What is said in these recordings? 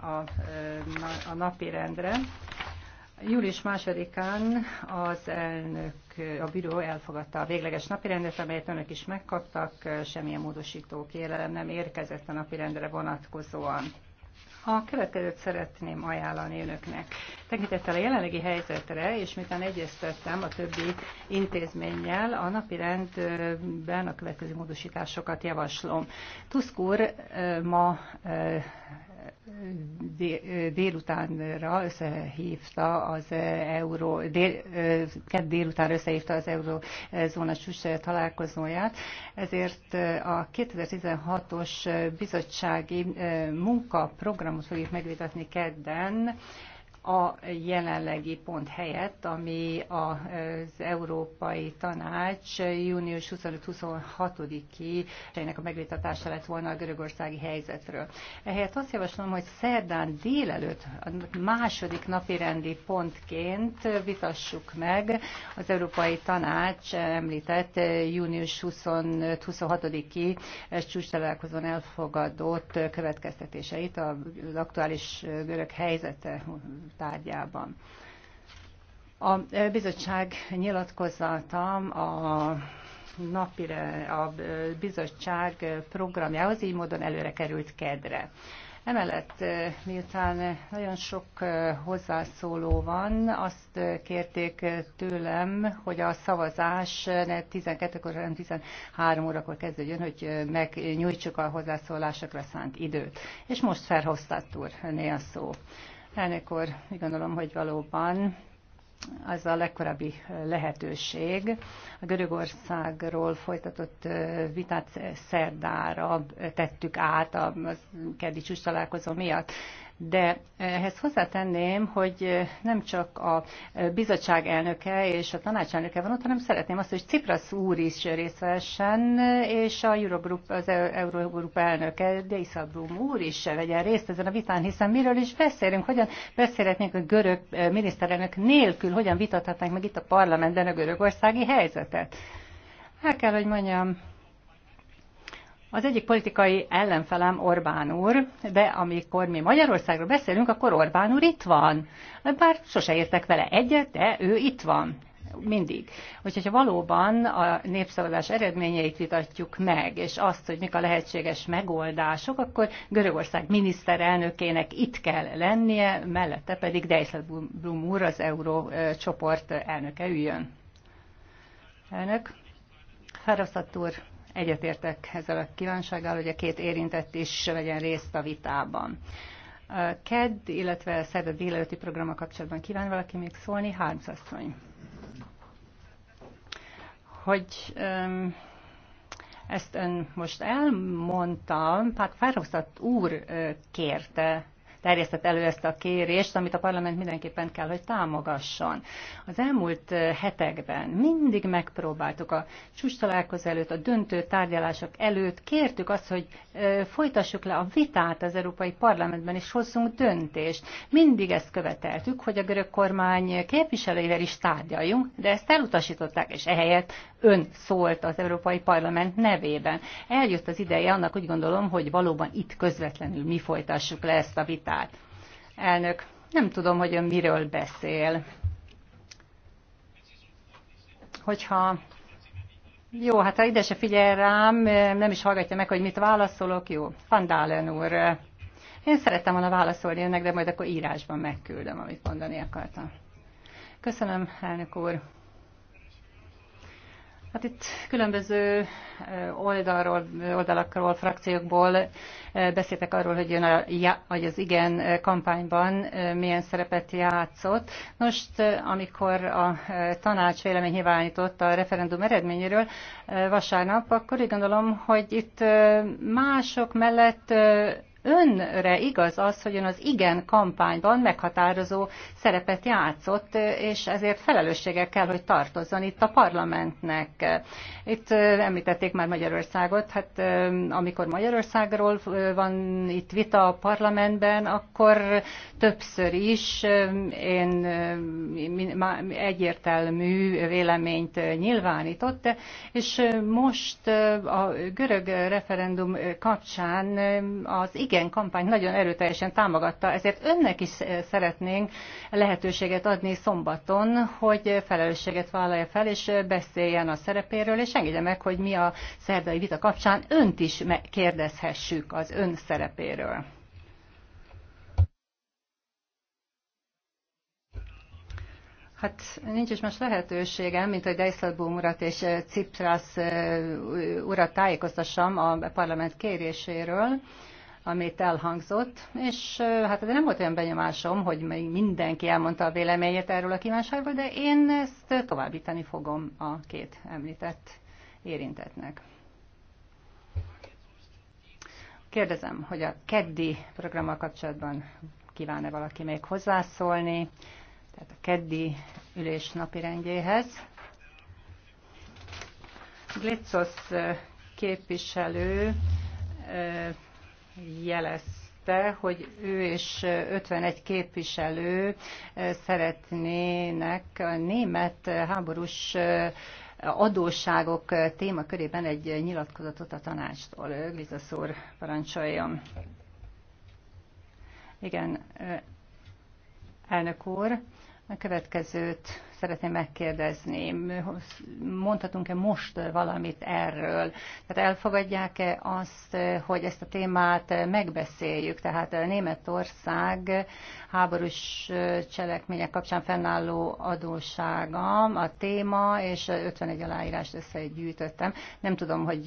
a, a napi rendre. Július másodikán az elnök, a bíró elfogadta a végleges napirendet, amelyet önök is megkaptak, semmilyen módosító kérelem nem érkezett a napirendre vonatkozóan. A következőt szeretném ajánlani önöknek. Tekintettel a jelenlegi helyzetre, és miután egyeztettem a többi intézménnyel, a napi rendben a következő módosításokat javaslom. Tusk úr ma délutánra összehívta az euró, dél, kett délután összehívta az eurózóna csúcs találkozóját, ezért a 2016-os bizottsági munkaprogramot fogjuk megvitatni kedden, a jelenlegi pont helyett, ami az Európai Tanács június 25-26-i ennek a megvitatása lett volna a görögországi helyzetről. Ehelyett azt javaslom, hogy szerdán délelőtt a második napi rendi pontként vitassuk meg az Európai Tanács említett június 25-26-i csúcstalálkozón elfogadott következtetéseit az aktuális görög helyzete tárgyában. A bizottság nyilatkozata a napi a bizottság programjához, így módon előre került kedre. Emellett, eh, miután nagyon sok eh, hozzászóló van, azt eh, kérték tőlem, hogy a szavazás 12-kor, 13 órakor kezdődjön, hogy megnyújtsuk a hozzászólásokra szánt időt. És most Ferhoztat úr, a szó. Elnök úr, úgy gondolom, hogy valóban az a legkorábbi lehetőség. A Görögországról folytatott vitát szerdára tettük át a keddi csúcs találkozó miatt de ehhez hozzátenném, hogy nem csak a bizottság elnöke és a tanácselnöke van ott, hanem szeretném azt, hogy Ciprasz úr is részt vessen, és a Eurogroup, az e-, Eurogroup elnöke, Deisabrum úr is vegyen részt ezen a vitán, hiszen miről is beszélünk, hogyan beszélhetnénk a görög miniszterelnök nélkül, hogyan vitathatnánk meg itt a parlamentben a görögországi helyzetet. El kell, hogy mondjam, az egyik politikai ellenfelem Orbán úr, de amikor mi Magyarországról beszélünk, akkor Orbán úr itt van. Bár sose értek vele egyet, de ő itt van mindig. Úgyhogy ha valóban a népszavazás eredményeit vitatjuk meg, és azt, hogy mik a lehetséges megoldások, akkor Görögország miniszterelnökének itt kell lennie, mellette pedig Dijsselbloem úr, az Eurócsoport elnöke üljön. Elnök, Feraszat úr, Egyetértek ezzel a kívánsággal, hogy a két érintett is vegyen részt a vitában. KED, illetve szerda délelőtti programa kapcsolatban kíván valaki még szólni? Harms asszony. Hogy um, ezt ön most elmondta, hát Fárhoztat úr kérte terjesztett elő ezt a kérést, amit a parlament mindenképpen kell, hogy támogasson. Az elmúlt hetekben mindig megpróbáltuk a csúcs találkozó előtt, a döntő tárgyalások előtt, kértük azt, hogy folytassuk le a vitát az Európai Parlamentben, és hozzunk döntést. Mindig ezt követeltük, hogy a görög kormány képviselőivel is tárgyaljunk, de ezt elutasították, és ehelyett ön szólt az Európai Parlament nevében. Eljött az ideje annak, úgy gondolom, hogy valóban itt közvetlenül mi folytassuk le ezt a vitát vitát. Elnök, nem tudom, hogy ön miről beszél. Hogyha jó, hát ha ide se figyel rám, nem is hallgatja meg, hogy mit válaszolok, jó. Fandálen úr, én szerettem volna válaszolni önnek, de majd akkor írásban megküldöm, amit mondani akartam. Köszönöm, elnök úr. Hát itt különböző oldalról, oldalakról, frakciókból beszéltek arról, hogy, jön a, ja, hogy az igen kampányban milyen szerepet játszott. Most, amikor a tanács vélemény nyilvánított a referendum eredményéről vasárnap, akkor úgy gondolom, hogy itt mások mellett önre igaz az, hogy ön az igen kampányban meghatározó szerepet játszott, és ezért felelősséggel kell, hogy tartozzon itt a parlamentnek. Itt említették már Magyarországot, hát amikor Magyarországról van itt vita a parlamentben, akkor többször is én egyértelmű véleményt nyilvánított, és most a görög referendum kapcsán az igen igen kampány nagyon erőteljesen támogatta, ezért önnek is szeretnénk lehetőséget adni szombaton, hogy felelősséget vállalja fel, és beszéljen a szerepéről, és engedje meg, hogy mi a szerdai vita kapcsán önt is kérdezhessük az ön szerepéről. Hát nincs is más lehetőségem, mint hogy Dijsselbloem urat és Ciprász urat tájékoztassam a parlament kéréséről amit elhangzott, és hát ez nem volt olyan benyomásom, hogy még mindenki elmondta a véleményét erről a kívánságról, de én ezt továbbítani fogom a két említett érintetnek. Kérdezem, hogy a keddi programmal kapcsolatban kíván-e valaki még hozzászólni, tehát a keddi ülés rendjéhez. Glitzos képviselő jelezte, hogy ő és 51 képviselő szeretnének a német háborús adósságok témakörében egy nyilatkozatot a tanástól. Glizas úr, parancsoljon. Igen, elnök úr, a következőt szeretném megkérdezni, mondhatunk-e most valamit erről? Tehát elfogadják-e azt, hogy ezt a témát megbeszéljük? Tehát Németország háborús cselekmények kapcsán fennálló adósága a téma, és 51 aláírást összegyűjtöttem. Nem tudom, hogy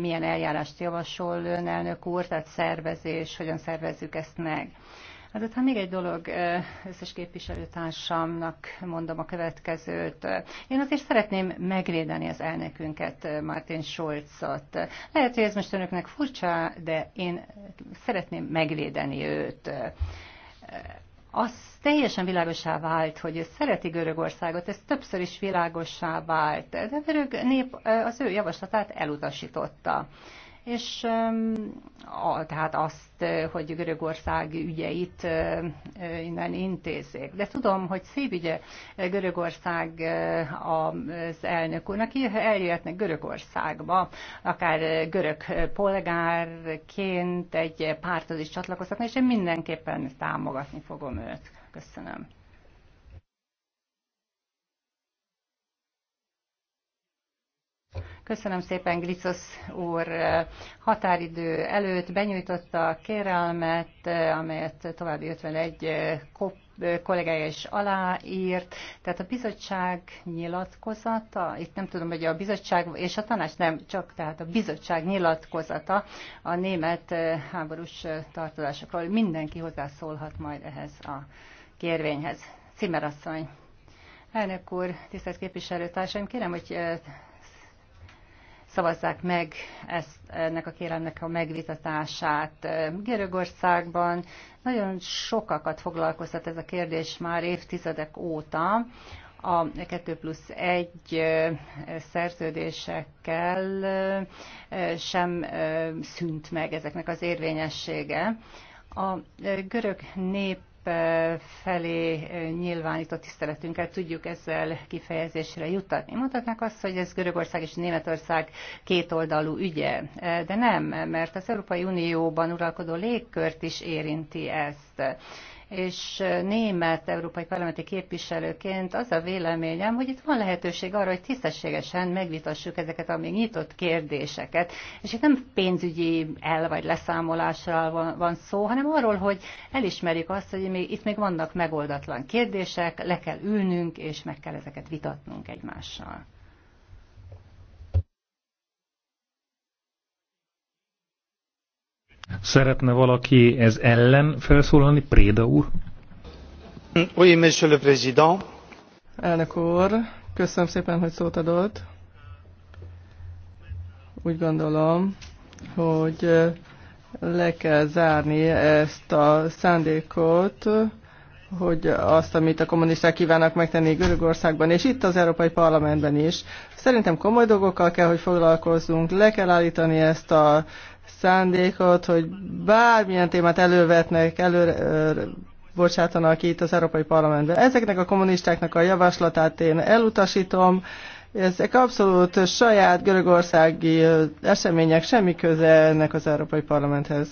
milyen eljárást javasol ön, elnök úr, tehát szervezés, hogyan szervezzük ezt meg. Hát ha még egy dolog összes képviselőtársamnak mondom a következőt. Én azért szeretném megvédeni az elnökünket, Martin Schulzot. Lehet, hogy ez most önöknek furcsa, de én szeretném megvédeni őt az teljesen világosá vált, hogy szereti Görögországot, ez többször is világosá vált, de a görög nép az ő javaslatát elutasította és a, tehát azt, hogy Görögország ügyeit innen intézzék. De tudom, hogy szép ügye Görögország az elnök úrnak, eljöhetnek Görögországba, akár görög polgárként egy párthoz is csatlakozhatnak, és én mindenképpen támogatni fogom őt. Köszönöm. Köszönöm szépen, Glicos úr. Határidő előtt benyújtotta a kérelmet, amelyet további 51 kop kollégája is aláírt. Tehát a bizottság nyilatkozata, itt nem tudom, hogy a bizottság és a tanács nem, csak tehát a bizottság nyilatkozata a német eh, háborús eh, tartozásokról. Mindenki hozzászólhat majd ehhez a kérvényhez. Cimerasszony. Elnök úr, tisztelt képviselőtársaim, kérem, hogy eh, szavazzák meg ezt, ennek a kérelmnek a megvitatását. Görögországban nagyon sokakat foglalkoztat ez a kérdés már évtizedek óta. A 2 plusz 1 szerződésekkel sem szűnt meg ezeknek az érvényessége. A görög nép felé eh, nyilvánított tiszteletünket tudjuk ezzel kifejezésre juttatni. Mondhatnák azt, hogy ez Görögország és Németország kétoldalú ügye, eh, de nem, mert az Európai Unióban uralkodó légkört is érinti ezt és német európai parlamenti képviselőként az a véleményem, hogy itt van lehetőség arra, hogy tisztességesen megvitassuk ezeket a még nyitott kérdéseket. És itt nem pénzügyi el vagy van, van szó, hanem arról, hogy elismerjük azt, hogy még, itt még vannak megoldatlan kérdések, le kell ülnünk, és meg kell ezeket vitatnunk egymással. Szeretne valaki ez ellen felszólalni, Préda úr? Oui, monsieur le président. Elnök úr, köszönöm szépen, hogy szót adott. Úgy gondolom, hogy le kell zárni ezt a szándékot, hogy azt, amit a kommunisták kívánnak megtenni Görögországban, és itt az Európai Parlamentben is. Szerintem komoly dolgokkal kell, hogy foglalkozzunk, le kell állítani ezt a szándékot, hogy bármilyen témát elővetnek, előre, bocsátanak itt az Európai Parlamentben. Ezeknek a kommunistáknak a javaslatát én elutasítom, ezek abszolút saját görögországi események, semmi köze ennek az Európai Parlamenthez.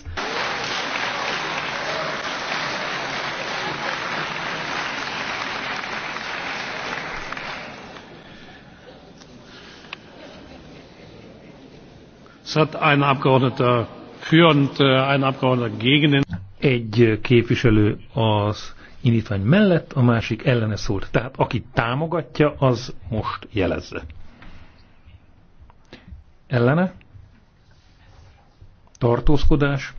Es hat ein Abgeordneter für und äh, ein Abgeordneter gegen den egy képviselő az indítvány mellett, a másik ellene szólt. Tehát aki támogatja, az most jelezze. Ellene? Tartózkodás?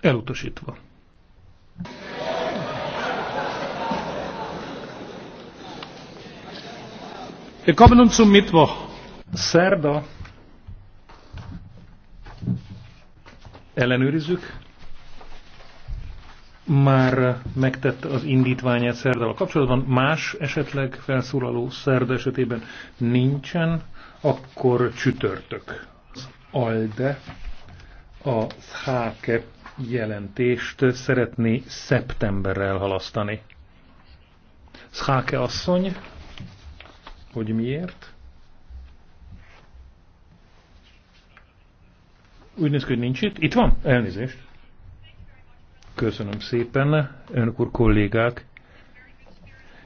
Elutasítva. Wir kommen nun zum Mittwoch. Szerda ellenőrizzük. Már megtette az indítványát szerdával kapcsolatban, más esetleg felszólaló szerda esetében nincsen, akkor csütörtök. Az ALDE a HAKE jelentést szeretné szeptemberrel halasztani. Szháke asszony, hogy miért? Úgy néz ki, hogy nincs itt. Itt van? Elnézést. Köszönöm szépen, önök úr kollégák.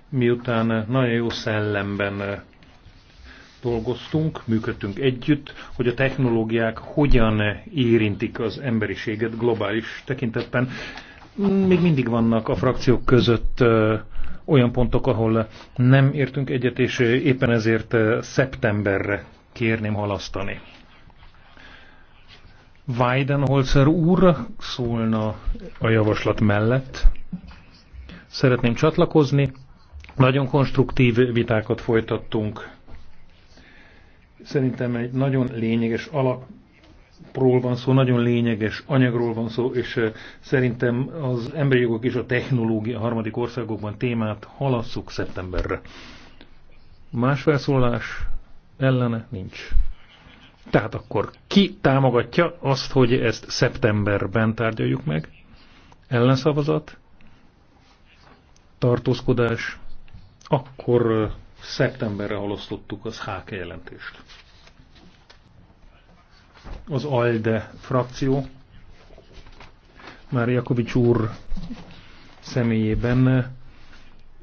Miután nagyon jó szellemben dolgoztunk, működtünk együtt, hogy a technológiák hogyan érintik az emberiséget globális tekintetben. Még mindig vannak a frakciók között olyan pontok, ahol nem értünk egyet, és éppen ezért szeptemberre kérném halasztani. Weidenholzer úr szólna a javaslat mellett. Szeretném csatlakozni. Nagyon konstruktív vitákat folytattunk. Szerintem egy nagyon lényeges alap ról van szó, nagyon lényeges anyagról van szó, és eh, szerintem az emberi jogok és a technológia a harmadik országokban témát halasszuk szeptemberre. Más felszólás ellene nincs. Tehát akkor ki támogatja azt, hogy ezt szeptemberben tárgyaljuk meg? Ellenszavazat? Tartózkodás? Akkor szeptemberre halasztottuk az HK jelentést. Az ALDE frakció már Jakovics úr személyében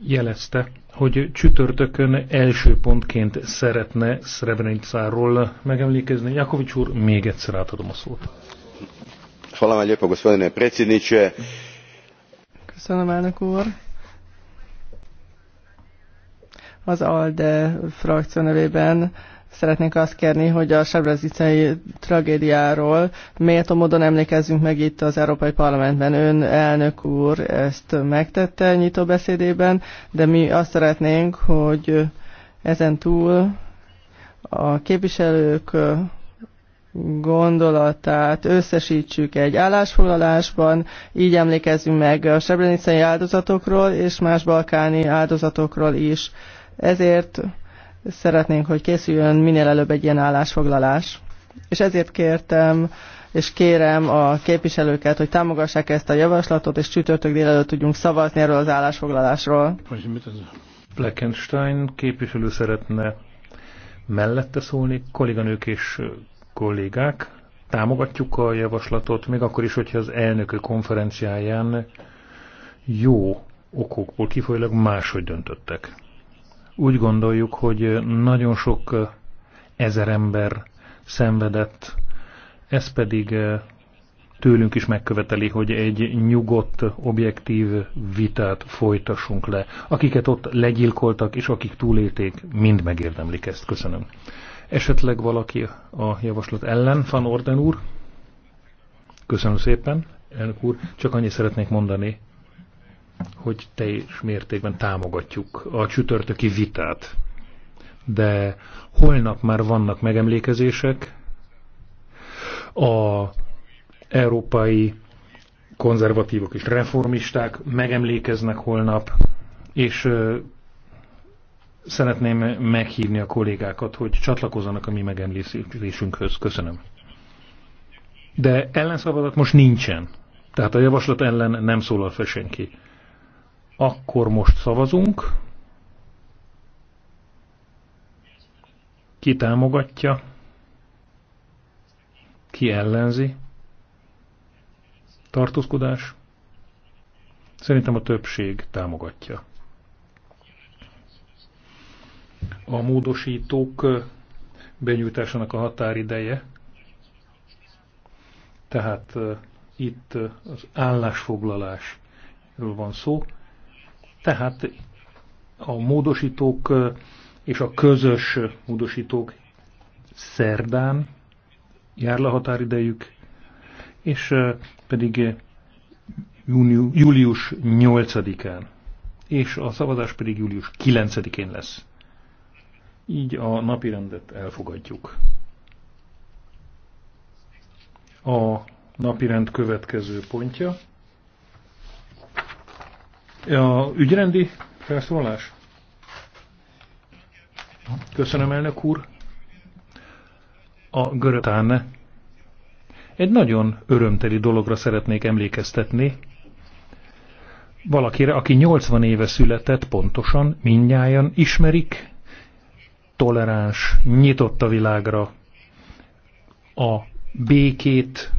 jelezte, hogy csütörtökön első pontként szeretne Srebrenicáról megemlékezni. Jakovics úr, még egyszer átadom a szót. Köszönöm, elnök úr. Az ALDE frakció nevében Szeretnék azt kérni, hogy a sebrezicenei tragédiáról méltó módon emlékezzünk meg itt az Európai Parlamentben. Ön elnök úr ezt megtette nyitó beszédében, de mi azt szeretnénk, hogy ezen túl a képviselők gondolatát összesítsük egy állásfoglalásban, így emlékezzünk meg a sebrenicei áldozatokról és más balkáni áldozatokról is. Ezért Szeretnénk, hogy készüljön minél előbb egy ilyen állásfoglalás. És ezért kértem, és kérem a képviselőket, hogy támogassák ezt a javaslatot, és csütörtök délelőtt tudjunk szavazni erről az állásfoglalásról. Blackenstein képviselő szeretne mellette szólni, kolléganők és kollégák, támogatjuk a javaslatot, még akkor is, hogyha az elnökő konferenciáján jó okokból kifolyólag máshogy döntöttek. Úgy gondoljuk, hogy nagyon sok ezer ember szenvedett, ez pedig tőlünk is megköveteli, hogy egy nyugodt, objektív vitát folytassunk le. Akiket ott legyilkoltak, és akik túlélték, mind megérdemlik ezt. Köszönöm. Esetleg valaki a javaslat ellen, Van Orden úr? Köszönöm szépen, elnök úr. Csak annyit szeretnék mondani, hogy teljes mértékben támogatjuk a csütörtöki vitát. De holnap már vannak megemlékezések. A európai konzervatívok és reformisták megemlékeznek holnap, és szeretném meghívni a kollégákat, hogy csatlakozzanak a mi megemlékezésünkhöz. Köszönöm. De ellenszavazat most nincsen. Tehát a javaslat ellen nem szólal fel senki. Akkor most szavazunk. Ki támogatja? Ki ellenzi? Tartózkodás? Szerintem a többség támogatja. A módosítók benyújtásának a határideje, tehát itt az állásfoglalásról van szó, tehát a módosítók és a közös módosítók szerdán jár le határidejük, és pedig július 8-án, és a szavazás pedig július 9-én lesz. Így a napirendet elfogadjuk. A napirend következő pontja. A ügyrendi felszólás? Köszönöm, elnök úr. A görögtán egy nagyon örömteli dologra szeretnék emlékeztetni. Valakire, aki 80 éve született, pontosan mindnyájan ismerik, toleráns, nyitott a világra, a békét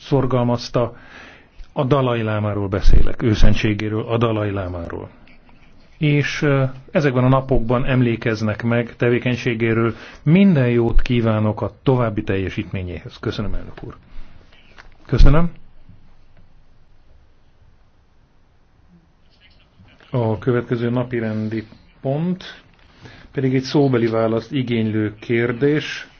szorgalmazta, a Dalai Lámáról beszélek, őszentségéről, a Dalai Lámáról. És ezekben a napokban emlékeznek meg tevékenységéről. Minden jót kívánok a további teljesítményéhez. Köszönöm, elnök úr. Köszönöm. A következő napi rendi pont pedig egy szóbeli választ igénylő kérdés.